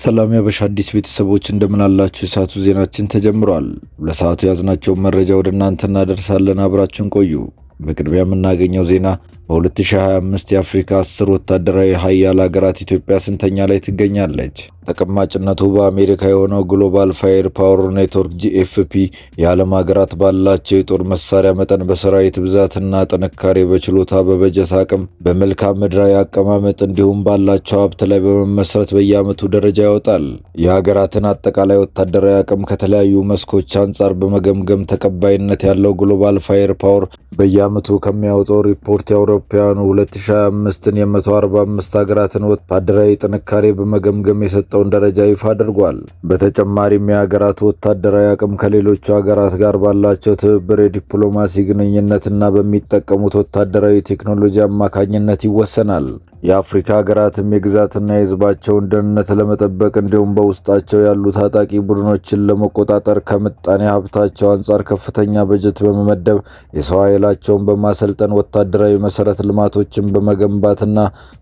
ሰላም ያበሻ አዲስ ቤተሰቦች እንደምን አላችሁ? የሰዓቱ ዜናችን ተጀምሯል። ለሰዓቱ ያዝናቸውን መረጃ ወደ እናንተ እናደርሳለን። አብራችሁን ቆዩ። በቅድሚያ የምናገኘው ዜና በ2025 የአፍሪካ አስር ወታደራዊ ሀያል ሀገራት ኢትዮጵያ ስንተኛ ላይ ትገኛለች? ተቀማጭነቱ በአሜሪካ የሆነው ግሎባል ፋየር ፓወር ኔትወርክ ጂኤፍፒ የዓለም ሀገራት ባላቸው የጦር መሳሪያ መጠን፣ በሰራዊት ብዛትና ጥንካሬ፣ በችሎታ፣ በበጀት አቅም፣ በመልክዓ ምድራዊ አቀማመጥ እንዲሁም ባላቸው ሀብት ላይ በመመስረት በየዓመቱ ደረጃ ያወጣል። የሀገራትን አጠቃላይ ወታደራዊ አቅም ከተለያዩ መስኮች አንጻር በመገምገም ተቀባይነት ያለው ግሎባል ፋየር ፓወር በየዓመቱ ከሚያወጣው ሪፖርት ያውረ አውሮፓውያኑ 2025ን የ145 ሀገራትን ወታደራዊ ጥንካሬ በመገምገም የሰጠውን ደረጃ ይፋ አድርጓል። በተጨማሪም የሀገራቱ ወታደራዊ አቅም ከሌሎቹ ሀገራት ጋር ባላቸው ትብብር፣ የዲፕሎማሲ ግንኙነትና በሚጠቀሙት ወታደራዊ ቴክኖሎጂ አማካኝነት ይወሰናል። የአፍሪካ ሀገራትም የግዛትና የሕዝባቸውን ደህንነት ለመጠበቅ እንዲሁም በውስጣቸው ያሉ ታጣቂ ቡድኖችን ለመቆጣጠር ከምጣኔ ሀብታቸው አንጻር ከፍተኛ በጀት በመመደብ የሰው ኃይላቸውን በማሰልጠን ወታደራዊ መሰረተ ልማቶችን በመገንባትና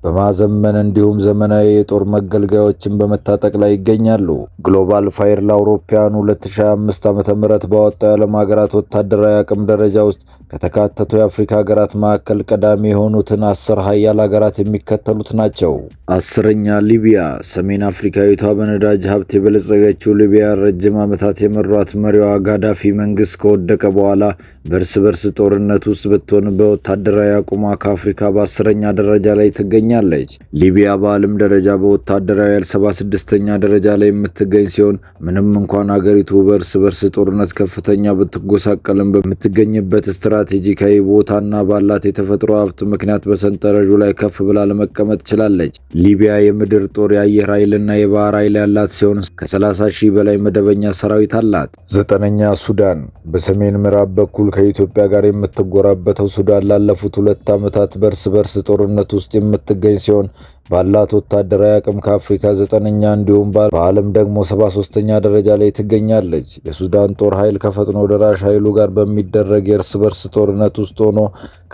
በማዘመን እንዲሁም ዘመናዊ የጦር መገልገያዎችን በመታጠቅ ላይ ይገኛሉ። ግሎባል ፋይር ለአውሮፓውያን 2025 ዓ.ም ባወጣው የዓለም ሀገራት ወታደራዊ አቅም ደረጃ ውስጥ ከተካተቱ የአፍሪካ ሀገራት መካከል ቀዳሚ የሆኑትን አስር ሀያል ሀገራት የሚ የሚከተሉት ናቸው። አስረኛ ሊቢያ። ሰሜን አፍሪካዊቷ በነዳጅ ሀብት የበለጸገችው ሊቢያ ረጅም ዓመታት የመሯት መሪዋ ጋዳፊ መንግስት ከወደቀ በኋላ በእርስ በርስ ጦርነት ውስጥ ብትሆን በወታደራዊ አቁሟ ከአፍሪካ በአስረኛ ደረጃ ላይ ትገኛለች። ሊቢያ በዓለም ደረጃ በወታደራዊ ያል 76ኛ ደረጃ ላይ የምትገኝ ሲሆን ምንም እንኳን አገሪቱ በእርስ በርስ ጦርነት ከፍተኛ ብትጎሳቀልም በምትገኝበት ስትራቴጂካዊ ቦታና ባላት የተፈጥሮ ሀብት ምክንያት በሰንጠረዡ ላይ ከፍ ብላ መቀመጥ ችላለች። ሊቢያ የምድር ጦር፣ የአየር ኃይልና የባህር ኃይል ያላት ሲሆን ከ30 ሺህ በላይ መደበኛ ሰራዊት አላት። ዘጠነኛ ሱዳን በሰሜን ምዕራብ በኩል ከኢትዮጵያ ጋር የምትጎራበተው ሱዳን ላለፉት ሁለት ዓመታት በእርስ በርስ ጦርነት ውስጥ የምትገኝ ሲሆን ባላት ወታደራዊ አቅም ከአፍሪካ ዘጠነኛ እንዲሁም በዓለም ደግሞ ሰባ ሶስተኛ ደረጃ ላይ ትገኛለች። የሱዳን ጦር ኃይል ከፈጥኖ ደራሽ ኃይሉ ጋር በሚደረግ የእርስ በርስ ጦርነት ውስጥ ሆኖ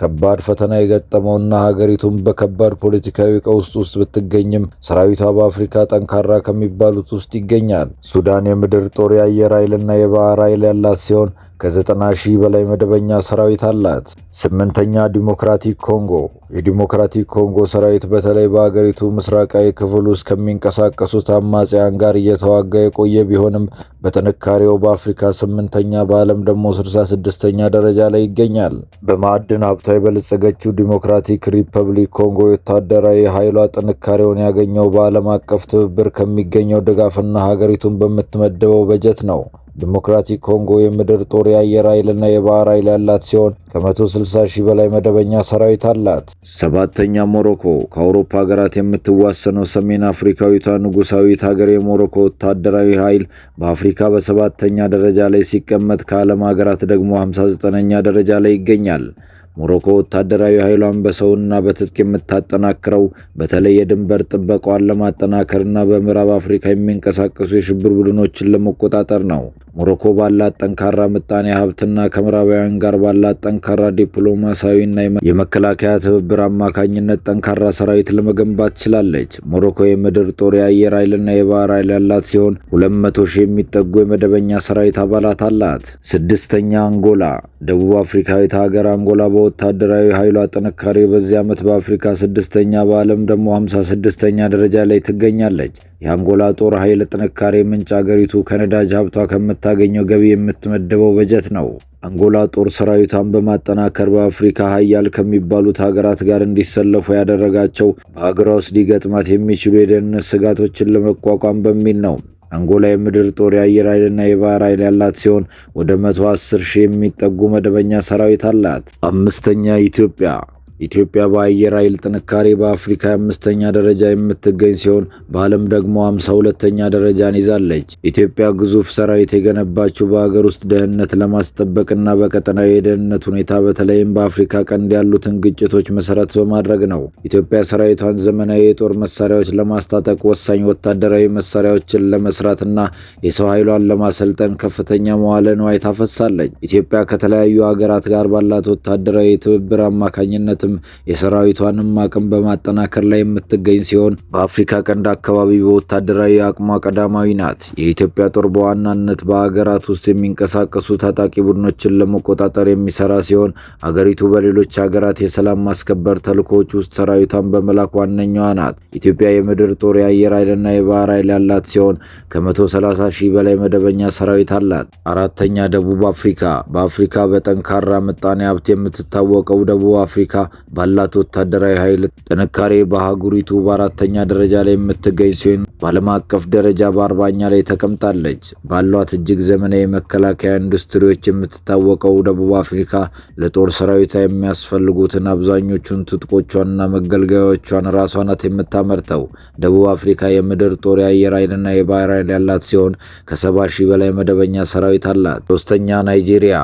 ከባድ ፈተና የገጠመውና ሀገሪቱን በከባድ ፖለቲካዊ ቀውስ ውስጥ ብትገኝም ሰራዊቷ በአፍሪካ ጠንካራ ከሚባሉት ውስጥ ይገኛል። ሱዳን የምድር ጦር፣ የአየር ኃይልና የባህር ኃይል ያላት ሲሆን ከዘጠና ሺህ በላይ መደበኛ ሰራዊት አላት። ስምንተኛ ዲሞክራቲክ ኮንጎ የዲሞክራቲክ ኮንጎ ሰራዊት በተለይ በአገሪቱ ምስራቃዊ ክፍል ውስጥ ከሚንቀሳቀሱት አማጽያን ጋር እየተዋጋ የቆየ ቢሆንም በጥንካሬው በአፍሪካ ስምንተኛ በዓለም ደግሞ 66 ስድስተኛ ደረጃ ላይ ይገኛል። በማዕድን ሀብቷ የበለጸገችው ዲሞክራቲክ ሪፐብሊክ ኮንጎ ወታደራዊ ኃይሏ ጥንካሬውን ያገኘው በዓለም አቀፍ ትብብር ከሚገኘው ድጋፍና ሀገሪቱን በምትመድበው በጀት ነው። ዲሞክራቲክ ኮንጎ የምድር ጦር የአየር ኃይልና የባህር ኃይል ያላት ሲሆን ከ160 ሺህ በላይ መደበኛ ሰራዊት አላት። ሰባተኛ ሞሮኮ ከአውሮፓ ሀገራት የምትዋሰነው ሰሜን አፍሪካዊቷ ንጉሳዊት ሀገር የሞሮኮ ወታደራዊ ኃይል በአፍሪካ በሰባተኛ ደረጃ ላይ ሲቀመጥ ከዓለም ሀገራት ደግሞ 59ኛ ደረጃ ላይ ይገኛል። ሞሮኮ ወታደራዊ ኃይሏን በሰውና በትጥቅ የምታጠናክረው በተለይ የድንበር ጥበቋን ለማጠናከርና በምዕራብ አፍሪካ የሚንቀሳቀሱ የሽብር ቡድኖችን ለመቆጣጠር ነው። ሞሮኮ ባላት ጠንካራ ምጣኔ ሀብትና ከምዕራባውያን ጋር ባላት ጠንካራ ዲፕሎማሲያዊና የመከላከያ ትብብር አማካኝነት ጠንካራ ሰራዊት ለመገንባት ችላለች። ሞሮኮ የምድር ጦር፣ የአየር ኃይልና የባህር ኃይል ያላት ሲሆን 200 ሺህ የሚጠጉ የመደበኛ ሰራዊት አባላት አላት። ስድስተኛ አንጎላ። ደቡብ አፍሪካዊት ሀገር አንጎላ በወታደራዊ ኃይሏ ጥንካሬ በዚህ ዓመት በአፍሪካ ስድስተኛ በዓለም ደግሞ 56ኛ ደረጃ ላይ ትገኛለች። የአንጎላ ጦር ኃይል ጥንካሬ ምንጭ አገሪቱ ከነዳጅ ሀብቷ ከምታገኘው ገቢ የምትመደበው በጀት ነው። አንጎላ ጦር ሰራዊቷን በማጠናከር በአፍሪካ ሀያል ከሚባሉት ሀገራት ጋር እንዲሰለፉ ያደረጋቸው በአገሯ ውስጥ ሊገጥማት የሚችሉ የደህንነት ስጋቶችን ለመቋቋም በሚል ነው። አንጎላ የምድር ጦር፣ የአየር ኃይልና የባህር ኃይል ያላት ሲሆን ወደ 110 ሺህ የሚጠጉ መደበኛ ሰራዊት አላት። አምስተኛ ኢትዮጵያ ኢትዮጵያ በአየር ኃይል ጥንካሬ በአፍሪካ አምስተኛ ደረጃ የምትገኝ ሲሆን በዓለም ደግሞ አምሳ ሁለተኛ ደረጃን ይዛለች። ኢትዮጵያ ግዙፍ ሰራዊት የገነባችው በሀገር ውስጥ ደህንነት ለማስጠበቅና በቀጠናዊ የደህንነት ሁኔታ በተለይም በአፍሪካ ቀንድ ያሉትን ግጭቶች መሰረት በማድረግ ነው። ኢትዮጵያ ሰራዊቷን ዘመናዊ የጦር መሳሪያዎች ለማስታጠቅ ወሳኝ ወታደራዊ መሳሪያዎችን ለመስራትና የሰው ኃይሏን ለማሰልጠን ከፍተኛ መዋለ ንዋይ ታፈሳለች። ኢትዮጵያ ከተለያዩ ሀገራት ጋር ባላት ወታደራዊ ትብብር አማካኝነትም የሰራዊቷንም አቅም በማጠናከር ላይ የምትገኝ ሲሆን በአፍሪካ ቀንድ አካባቢ በወታደራዊ አቅሟ ቀዳማዊ ናት። የኢትዮጵያ ጦር በዋናነት በሀገራት ውስጥ የሚንቀሳቀሱ ታጣቂ ቡድኖችን ለመቆጣጠር የሚሰራ ሲሆን አገሪቱ በሌሎች ሀገራት የሰላም ማስከበር ተልእኮዎች ውስጥ ሰራዊቷን በመላክ ዋነኛዋ ናት። ኢትዮጵያ የምድር ጦር፣ የአየር ኃይልና የባህር ኃይል ያላት ሲሆን ከ130 ሺህ በላይ መደበኛ ሰራዊት አላት። አራተኛ ደቡብ አፍሪካ በአፍሪካ በጠንካራ ምጣኔ ሀብት የምትታወቀው ደቡብ አፍሪካ ባላት ወታደራዊ ኃይል ጥንካሬ በአህጉሪቱ በአራተኛ ደረጃ ላይ የምትገኝ ሲሆን በዓለም አቀፍ ደረጃ በአርባኛ ላይ ተቀምጣለች። ባሏት እጅግ ዘመናዊ መከላከያ ኢንዱስትሪዎች የምትታወቀው ደቡብ አፍሪካ ለጦር ሰራዊቷ የሚያስፈልጉትን አብዛኞቹን ትጥቆቿንና መገልገያዎቿን ራሷ ናት የምታመርተው። ደቡብ አፍሪካ የምድር ጦር፣ የአየር ኃይልና የባህር ኃይል ያላት ሲሆን ከሰባ ሺህ በላይ መደበኛ ሰራዊት አላት። ሶስተኛ ናይጄሪያ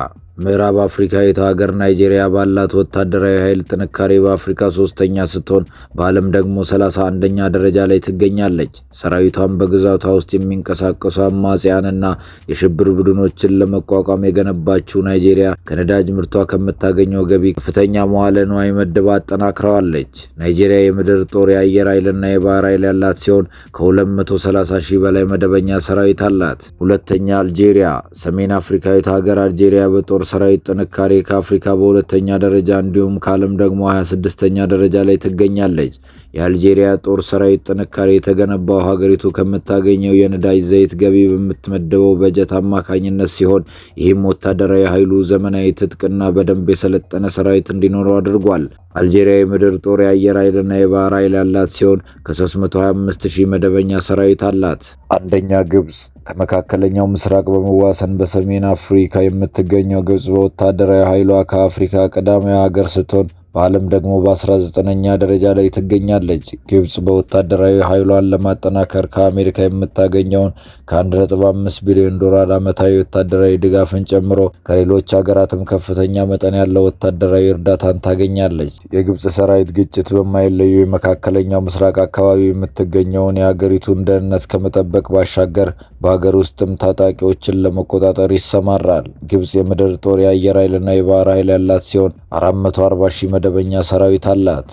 ምዕራብ አፍሪካዊቷ ሀገር ናይጄሪያ ባላት ወታደራዊ ኃይል ጥንካሬ በአፍሪካ ሶስተኛ ስትሆን በዓለም ደግሞ ሰላሳ አንደኛ ደረጃ ላይ ትገኛለች። ሰራዊቷን በግዛቷ ውስጥ የሚንቀሳቀሱ አማጽያንና የሽብር ቡድኖችን ለመቋቋም የገነባችው ናይጄሪያ ከነዳጅ ምርቷ ከምታገኘው ገቢ ከፍተኛ መዋለ ንዋይ መድባ አጠናክረዋለች። ናይጄሪያ የምድር ጦር፣ የአየር ኃይልና የባህር ኃይል ያላት ሲሆን ከ230 ሺህ በላይ መደበኛ ሰራዊት አላት። ሁለተኛ አልጄሪያ። ሰሜን አፍሪካዊቷ ሀገር አልጄሪያ በጦር ሰራዊት ጥንካሬ ከአፍሪካ በሁለተኛ ደረጃ እንዲሁም ከዓለም ደግሞ 26ኛ ደረጃ ላይ ትገኛለች። የአልጄሪያ ጦር ሰራዊት ጥንካሬ የተገነባው ሀገሪቱ ከምታገኘው የነዳጅ ዘይት ገቢ በምትመደበው በጀት አማካኝነት ሲሆን ይህም ወታደራዊ ኃይሉ ዘመናዊ ትጥቅና በደንብ የሰለጠነ ሰራዊት እንዲኖረው አድርጓል። አልጄሪያ የምድር ጦር የአየር ኃይልና የባህር ኃይል ያላት ሲሆን ከ325,000 መደበኛ ሰራዊት አላት። አንደኛ ግብፅ ከመካከለኛው ምስራቅ በመዋሰን በሰሜን አፍሪካ የምትገኘው ግብፅ በወታደራዊ ኃይሏ ከአፍሪካ ቀዳማዊ ሀገር ስትሆን በዓለም ደግሞ በ19ኛ ደረጃ ላይ ትገኛለች። ግብፅ በወታደራዊ ኃይሏን ለማጠናከር ከአሜሪካ የምታገኘውን ከ1.5 ቢሊዮን ዶላር ዓመታዊ ወታደራዊ ድጋፍን ጨምሮ ከሌሎች ሀገራትም ከፍተኛ መጠን ያለው ወታደራዊ እርዳታን ታገኛለች። የግብፅ ሰራዊት ግጭት በማይለዩ የመካከለኛው ምስራቅ አካባቢ የምትገኘውን የሀገሪቱን ደህንነት ከመጠበቅ ባሻገር በሀገር ውስጥም ታጣቂዎችን ለመቆጣጠር ይሰማራል። ግብፅ የምድር ጦር፣ የአየር ኃይልና የባህር ኃይል ያላት ሲሆን 440 መደበኛ ሰራዊት አላት።